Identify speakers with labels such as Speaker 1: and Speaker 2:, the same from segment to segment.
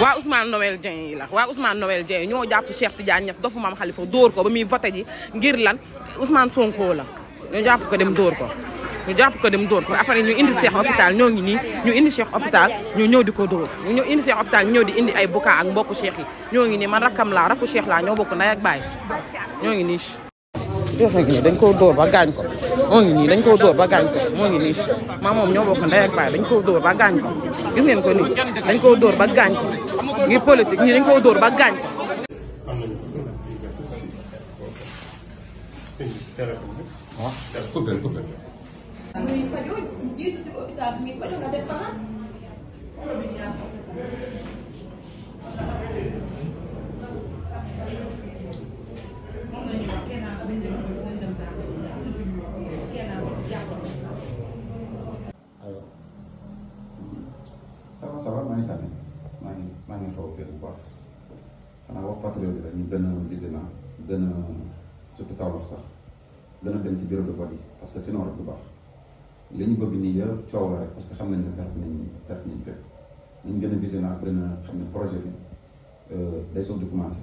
Speaker 1: waa Ousmane nowel Dieng yi la waa Ousmane Noël ñoo jàpp Cheikh Tidiane Niass dofu maam Khalifa dóor ko ba muy voté ji ngir lan Ousmane Sonko la ñu jàpp ko dem dóor ko ñu jàpp ko dem dóor ko après ñu indi Cheikh hôpital ñoo ngi nii ñu indi Cheikh hôpital ñu ñëw di ko dóor ñu ñëw indi Cheikh hôpital ñëw di indi ay boucan ak mbokku Cheikh yi ngi nii man rakkam laa rakku Cheikh laa ñoo bokk ndey ak baay ñoo ngi nii yoo ngi dañ koo dóor ba gaañ ko moo ngi nii dañ koo dóor ba gaañ moo ngi nii moom ñoo bokk ndey baay dañ koo dóor ba gaañ ko gis ngeen ko nii dañ koo dóor ba gaañ ko ngir politique ñi dañ koo ba gaañ.
Speaker 2: ñu gën a vigilant gën a surtout Kaolack sax gën a dem ci bureau de vote yi parce que sinon rek du baax li ñu bëgg nii yëpp coow la rek parce que xam nañ ne perte nañ perte nañ gën a vigilant gën a xam ne projet bi euh, day soog di commencé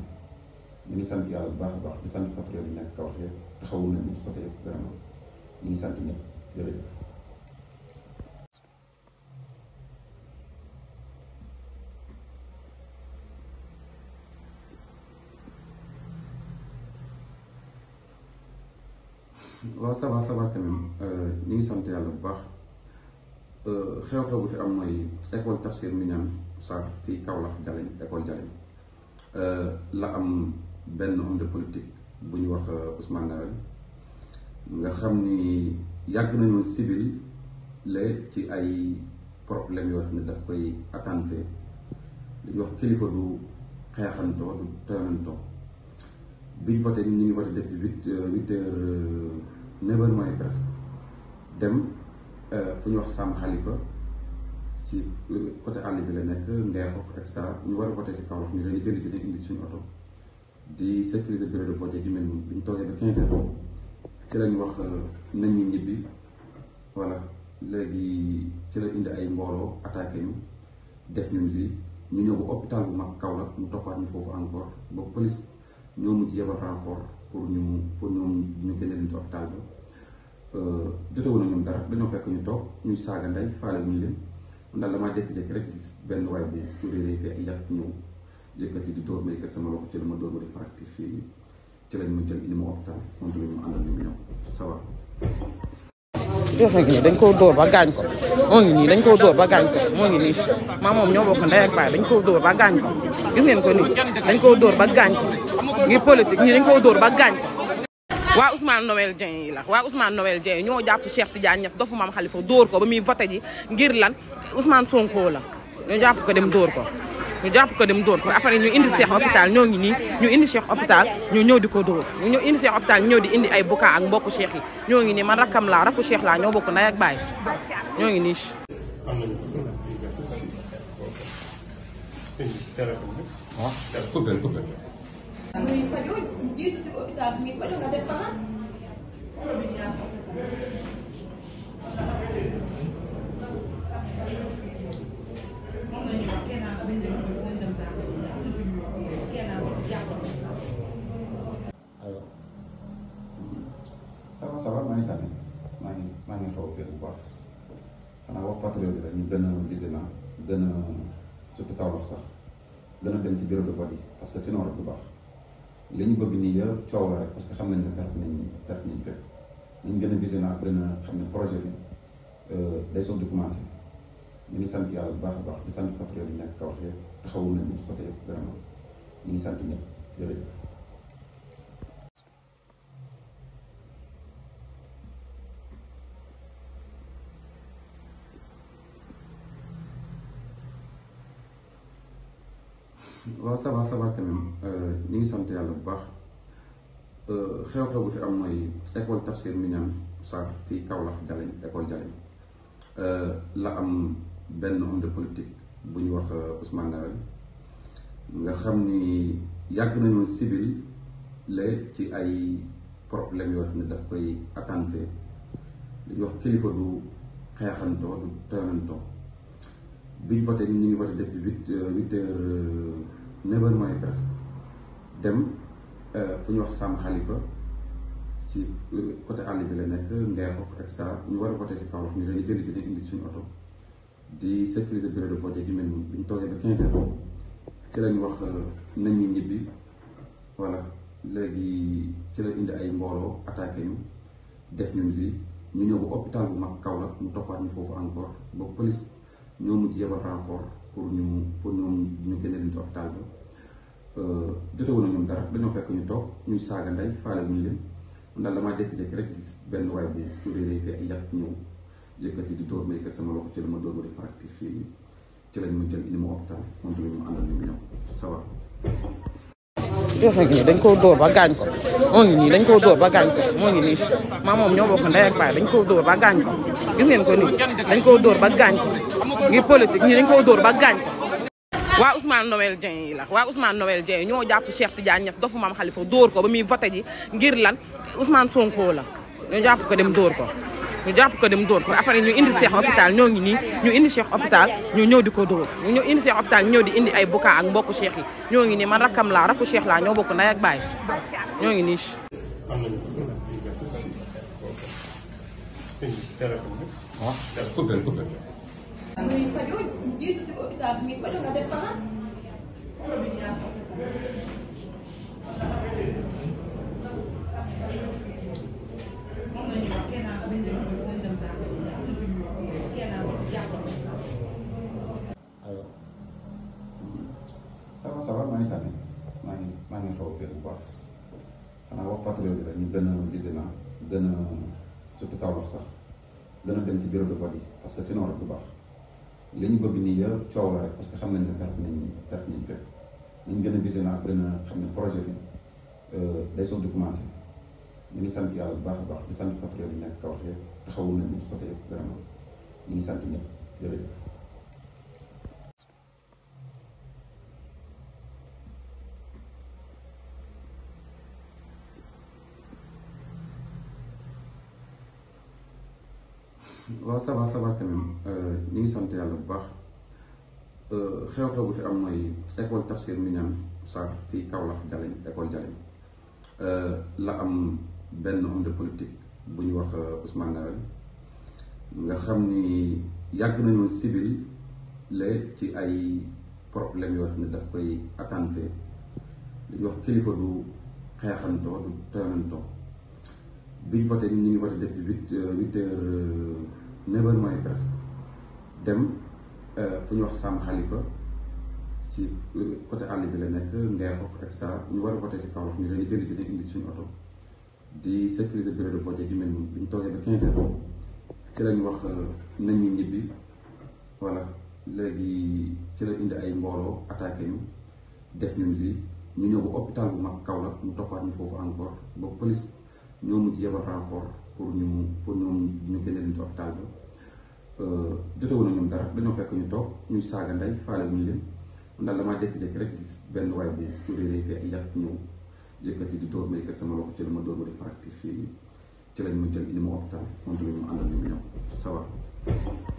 Speaker 2: ñu ngi sant yàlla bu baax a baax di sant patriote yi nekk Kaolack yëpp taxawul nañ ñu ci côté yëpp vraiment ñu sant ñëpp waaw ça va ça va quand euh, ngi sant yàlla bu baax euh, xew-xew bu fi am mooy école Tafsir Mignane Sarr fii Kaolack Jalañ école euh, la am benn homme de politique bu ñu wax Ousmane Noël nga xam ni yàgg nañu civil la ci ay problème yoo xam ne daf koy attenté dañuy wax kilifa du xeexantoo du tooyantoo bi ñu voté ñu voté depuis huit huit heures neuf heures mooy presque dem euh, fu ñuy wax Sam Khalifa ci euh, côté àll bi la nekk Ndeexox et cetera ñu war a voté si Kaolack ñu leen di jëli dinañ indi suñu oto di sécuriser bureau de vote yi mel ni bi ñu toogee ba quinze heures ci lañ wax euh, nañ ñu ñibbi voilà léegi ci la indi ay mbooloo attaque ñu def ñu lii ñu ñëw ba hôpital bu mag Kaolack mu toppaat ñu foofu encore ba police ñoo mujj yebal renfort pour ñu pour ñoom ñu génne leen ci hôpital ba euh, jotewu na ñoom dara dañoo fekk ñu toog ñu saaga ndey faale wuñu leen man daal damaa jékki-jékki rek gis benn waay bu bu réeree fii ay yàq ñëw yëkkati di dóor ma yëkkat sama loxo ci la ma dóor ma di fracture fii ci lañ ma jël indi ma hôpital moom la ñu àndal ñu ñëw ça
Speaker 1: yoo xam dañ koo dóor ba gaañ ko moo ngi nii dañ koo dóor ba gaañ ko moo ngi nii maa moom ñoo bokk ndey ak baay dañ koo dóor ba gaañ ko gis ngeen ko nii dañ koo dóor ba gaañ ko ngir politique ñii dañ koo dóor ba gaañ ko waa Ousmane Noël Dieng yi la waa Ousmane nowel Dieng ñoo jàpp Cheikh Tidiane Niass dofu maam Khalifa dóor ko ba muy voté ji ngir lan Ousmane Sonko la ñoo jàpp ko dem dóor ko ñu jàpp ko dem dóor ko après ñu indi Cheikh hôpital ñoo ngi nii ñu indi Cheikh hôpital ñu ñëw di ko dóor ñu ñëw di indi ay boucan ak mbokku Cheikh yi ñoo ngi nii man rakkam laa rakku Cheikh laa ñoo bokk ndey ak baay ñoo ngi nii.
Speaker 2: alors ça maa ngi tànn maa ngi maa ngi xaw a bu baax xanaa wax patriote bi rek ñu gën a vigilant gën a surtout Kaolack sax gën a dem ci bureau de vote yi parce que sinon rek bu baax li ñu bëgg nii yëpp coow la rek parce xam nañ ne perte nañ perte nañ fépp nañ gën a vigilant gën a xam ne projet bi day soog di commencé. ñu ngi sant yàlla bu baax a baax di sant patriote yi nekk Kaolack yëpp taxawu nañu ci côté yëpp vraiment ñu ngi sant ñëpp jërëjëf. waaw ça va ça va quand même euh, ñu ngi sant yàlla bu baax euh, xew-xew bu fi am mooy école Tafsir Mignane Sarr fii Kaolack Jalañ école Jalañ euh, la am. benn homme de politique bu ñu wax euh, Ousmane Noël nga xam ni yàgg nañu sibil la ci ay problème yoo xam ne daf koy attenté dañu wax kilifa du xeexantoo du tooyantoo biñ voté ñu ngi voté depuis huit euh, huit heures euh, neuf heures dem fu ñu wax Sam Khalifa ci côté àll bi la nekk Ngeexox et cetera ñu war a voté si Kaolack ñu leen di jëli dina indi suñu oto di sécuriser bureau de vote bi mel ni bi ñu toogee ba 15 heures ci lañ wax euh, nañ ñu ñibbi voilà léegi ci la indi ay mbooloo attaqué yu def ñu lii ñu ñëw ba hôpital bu mag Kaolack ñu toppaat ñu foofu encore ba police ñoo mujj yebal renfort pour ñu pour ñoom ñu génne leen ci hôpital bi euh, jotewu na ñoom dara dañoo fekk ñu toog ñu saaga ndey faale wuñu leen man daal damaa jékki-jékki rek gis benn waay bu réeré fii ay yàq ñëw. yëkkati di dóor ma yëkkat sama
Speaker 1: dañ koo dóor ba gaañ ko moo ngi nii dañ koo dóor ba gaañ ko moo ngi nii maa moom ñoo bokk dañ koo dóor ba gaañ ko gis ngeen ko nii dañ koo dóor ba gaañ ko ngir politique ñii dañ koo dóor ba gaañ waa Ousmane nowel Dieng yi la waa Ousmane Noël Dieng ñoo jàpp Cheikh Tidiane Niass dofu maam Khalifa dóor ko ba muy voté ji ngir lan Ousmane Sonko la ñoo jàpp ko dem dóor ko ñu jàpp ko dem dóor ko après ñu indi Cheikh hôpital ñoo ngi nii ñu indi Cheikh hôpital ñu ñëw di ko dóor ñu ñëw indi Cheikh hôpital ñëw di indi ay boucan ak mbokku Cheikh yi ñoo ngi nii man rakkam laa rakku Cheikh laa ñoo bokk ndey ak baay ñoo ngi nii
Speaker 2: ah. xanaa wax patriote la ñu gën a vigilant gën a sax gën a dem ci bureau de vote yi parce que sinon rek du baax li ñu nii yëpp coow la rek parce xam nañ ne perte nañ perte nañ fépp nañ gën a vigilant après na xam ne projet bi euh, day soog di commencé ñu ngi sant yàlla bu baax a baax di sant patriote yi nekk Kaolack yëpp taxawul nañ mi si côté yëpp vraiment ngi sant ñëpp waaw ça va ça va euh, ngi sant yàlla bu baax euh, xew-xew bu fi am mooy école Tafsir Mignane Sarr fii Kaolack Jalañ école Jalañ euh, la am benn homme de politique bu ñu wax Ousmane Noël nga xam ni yàgg nañu civil la ci ay problème yoo xam ne daf koy attenté li wax kilifa du xeexantoo du tooyantoo bi ñu voté ñu ngi voté depuis huit euh, huit heures euh, neuf dem euh, fu ñu wax Sam Khalifa ci côté àll bi la nekk Ngeexox et cetera ñu war a voté si Kaolack ñu leen di jëli dinañ indi suñu di sécuriser bureau de vote yi mel noonu bi ñu toogee ba quinze heures ci lañ wax nañ ñu ñibbi léegi ci la indi ay mbooloo attaqué ñu def ñu lii ñu ñëw ba hôpital bu mag Kaolack mu toppaat ñu foofu encore ba police. ñoo mu jéem a renfort pour ñu pour ñoom ñu génne leen ci hôpital ba euh, jotewoon na ñoom dara dañoo fekk ñu toog ñu saaga ndey faale wuñu leen man daal damaa jékki-jékki rek gis benn waay bu turéeree fii ay yàq ñëw yëkkati di dóor ma yëkkati sama loxo ci la ma dóor ma di fracture fii ci lañ ma jël indi ma hôpital moom tamit mu àndal ñu ñëw ça